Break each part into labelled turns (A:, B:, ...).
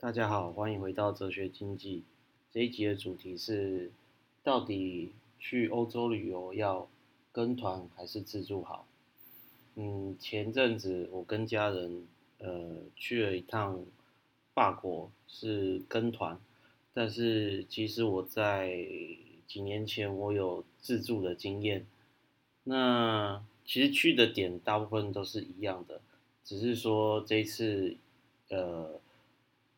A: 大家好，歡迎回到哲學經濟。這一集的主題是：到底去歐洲旅遊要跟團還是自助好？嗯，前陣子我跟家人呃去了一趟法國是跟團，但是其實我在幾年前我有自助的經驗。那其實去的點大部分都是一樣的，只是說這次呃。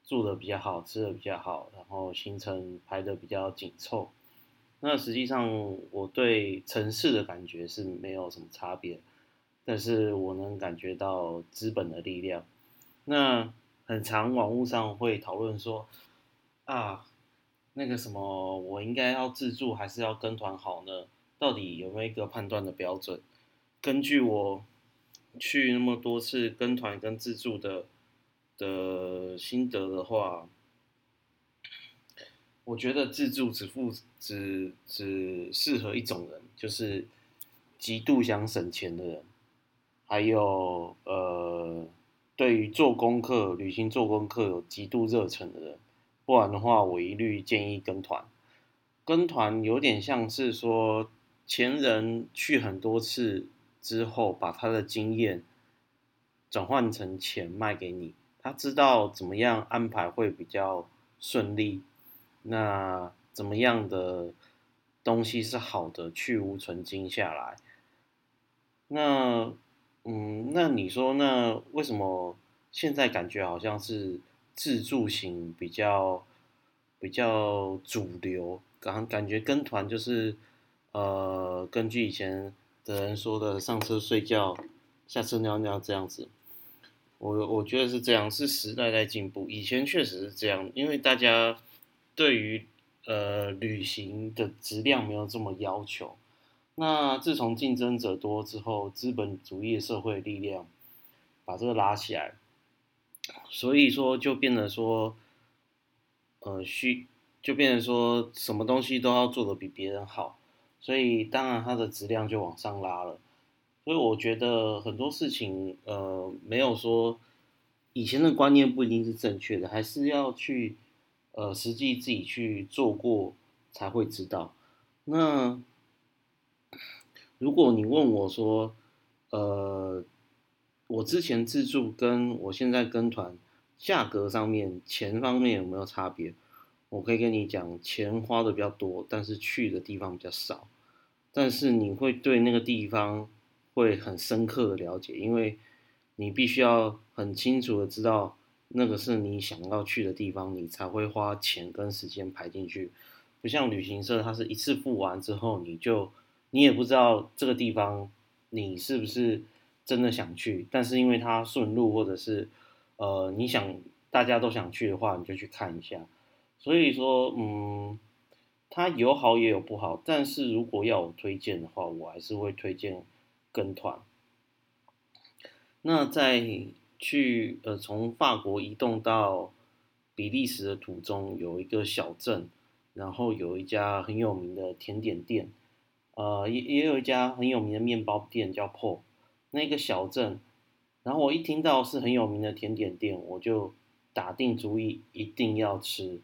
A: 住的比較好，吃的比較好，然後行程排的比較緊湊。那實際上，我對城市的感覺是沒有什麼差別，但是我能感覺到資本的力量。那很常網絡上會討論說，啊，那個什麼，我應該要自助還是要跟團好呢？到底有沒有一個判斷的標準？根據我去那麼多次跟團跟自助的。的心得的話，我覺得自助只、只付、只只適合一種人，就是極度想省錢的人，還有呃，對於做功課、旅行做功課有極度熱忱的人，不然的話，我一律建議跟團。跟團有點像是說，前人去很多次之後，把他的經驗轉換成錢賣給你。他知道怎麼樣安排會比較順利，那怎麼樣的東西是好的，去蕪存菁下來。那嗯，那你說，那為什麼現在感覺好像是自助型比較比較主流？感感覺跟團就是呃，根據以前的人說的，上車睡覺，下車尿尿這樣子。我我覺得是這樣，是時代在進步。以前確實是這樣，因為大家對於呃旅行的質量沒有這麼要求。那自從競爭者多之後，資本主義社會力量把這個拉起來，所以說就變得說，呃，需就變得說什麼東西都要做得比別人好，所以當然它的質量就往上拉了。所以我覺得很多事情，呃，沒有說以前的觀念不一定是正確的，還是要去，呃，實際自己去做過才會知道。那如果你問我說，呃，我之前自助跟我現在跟團，價格上面、錢方面有沒有差別？我可以跟你講，錢花的比較多，但是去的地方比較少，但是你會對那個地方。會很深刻的了解，因為你必須要很清楚的知道那個是你想要去的地方，你才會花錢跟時間排進去。不像旅行社，它是一次付完之後，你就你也不知道這個地方你是不是真的想去，但是因為它順路或者是呃你想大家都想去的話，你就去看一下。所以說，嗯，它有好也有不好，但是如果要我推薦的話，我還是會推薦跟團。那在去呃從法國移動到比利時的途中，有一個小鎮，然後有一家很有名的甜點店，呃也也有一家很有名的麵包店叫 Paul，那個小鎮，然後我一聽到是很有名的甜點店，我就打定主意一定要吃。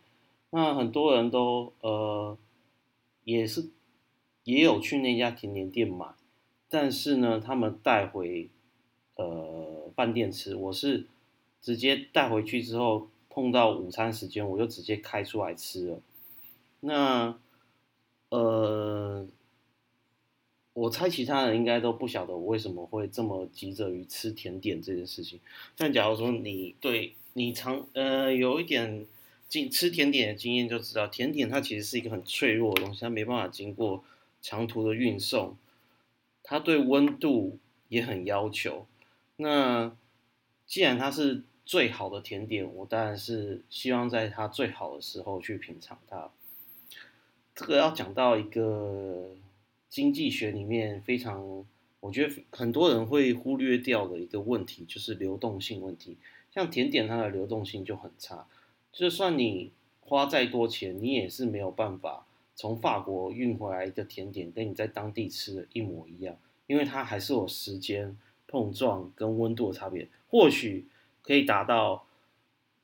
A: 那很多人都呃也是也有去那家甜點店買。但是呢，他們帶回，呃，飯店吃，我是直接帶回去之後，碰到午餐時間，我就直接開出來吃了。那，呃，我猜其他人應該都不曉得我為什麼會這麼急着於吃甜點這件事情。但假如說你對你常呃有一點經吃甜點的經驗，就知道甜點它其實是一個很脆弱的東西，它沒辦法經過長途的運送。它對溫度也很要求，那既然它是最好的甜點，我當然是希望在它最好的時候去品嘗它。這個要講到一個經濟學裡面非常，我覺得很多人會忽略掉的一個問題，就是流動性問題。像甜點它的流動性就很差，就算你花再多錢，你也是沒有辦法，從法國運回來的甜點跟你在當地吃的一模一樣，因為它還是有時間碰撞跟溫度的差別，或許可以達到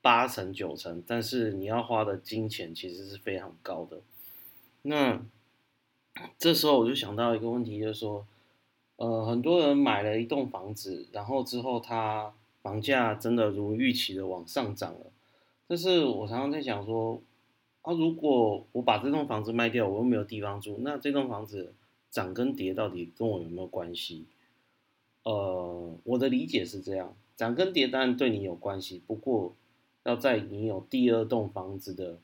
A: 八成九成，但是你要花的金錢其實是非常高的。那這時候我就想到一個問題，就是說，呃，很多人買了一棟房子，然後之後他房價真的如預期的往上漲了，但是我常常在想說。啊！如果我把這棟房子賣掉，我又沒有地方住，那這棟房子漲跟跌到底跟我有沒有關係？呃，我的理解是這樣：漲跟跌當然對你有關係，不過要在你有第二棟房子的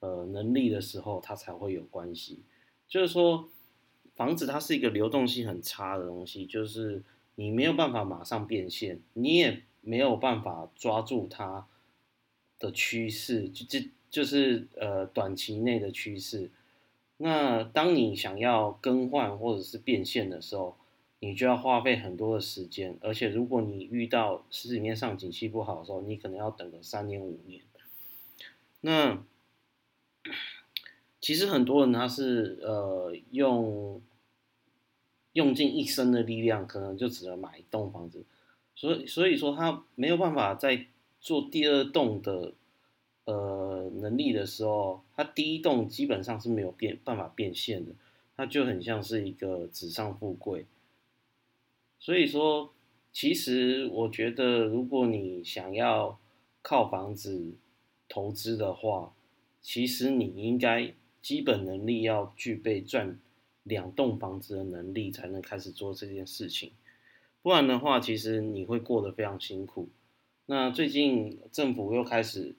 A: 呃能力的時候，它才會有關係。就是說，房子它是一個流動性很差的東西，就是你沒有辦法馬上變現，你也沒有辦法抓住它的趨勢，就這。就是呃短期內的趨勢，那當你想要更換或者是變現的時候，你就要花費很多的時間，而且如果你遇到實體面上景氣不好的時候，你可能要等個三年五年，那其實很多人他是呃用用盡一生的力量，可能就只能買一棟房子，所以所以說他沒有辦法再做第二棟的。呃，能力的時候，它第一棟基本上是沒有變辦法變現的，它就很像是一個紙上富貴。所以說，其實我覺得，如果你想要靠房子投資的話，其實你應該基本能力要具備賺兩棟房子的能力，才能開始做這件事情。不然的話，其實你會過得非常辛苦。那最近政府又開始。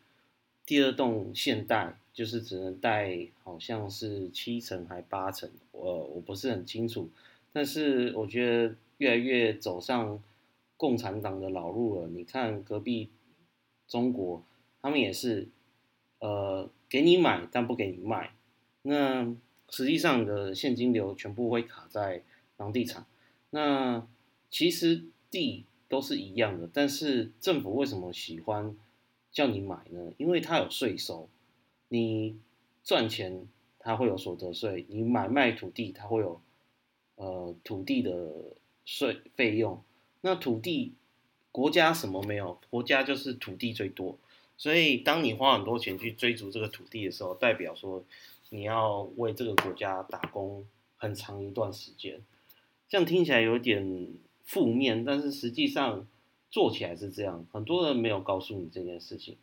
A: 第二棟現代就是只能貸，好像是七成還八成，我我不是很清楚，但是我覺得越來越走上共產黨的老路了。你看隔壁中國，他們也是，呃，給你買但不給你賣，那實際上的現金流全部會卡在房地產。那其實地都是一樣的，但是政府為什麼喜歡？叫你買呢，因為它有稅收，你賺錢它會有所得稅，你買賣土地它會有，呃，土地的稅費用。那土地國家什麼沒有？國家就是土地最多，所以當你花很多錢去追逐這個土地的時候，代表說你要為這個國家打工很長一段時間。這樣聽起來有點負面，但是實際上。做起來是這樣，很多人沒有告訴你這件事情。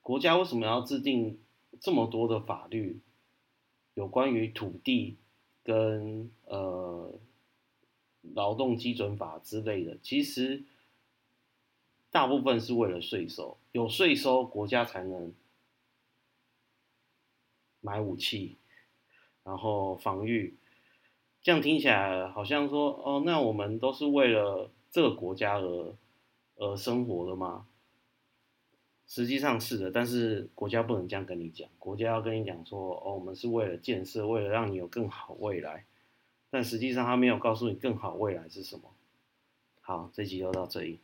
A: 國家為什麼要制定這麼多的法律，有關於土地跟呃勞動基準法之類的？其實大部分是為了稅收，有稅收國家才能買武器，然後防禦。這樣聽起來好像說哦，那我們都是為了。這個國家而，而生活的嗎？實際上是的，但是國家不能這樣跟你講，國家要跟你講說，哦，我們是為了建設，為了讓你有更好未來，但實際上他沒有告訴你更好未來是什麼。好，這集就到這裡。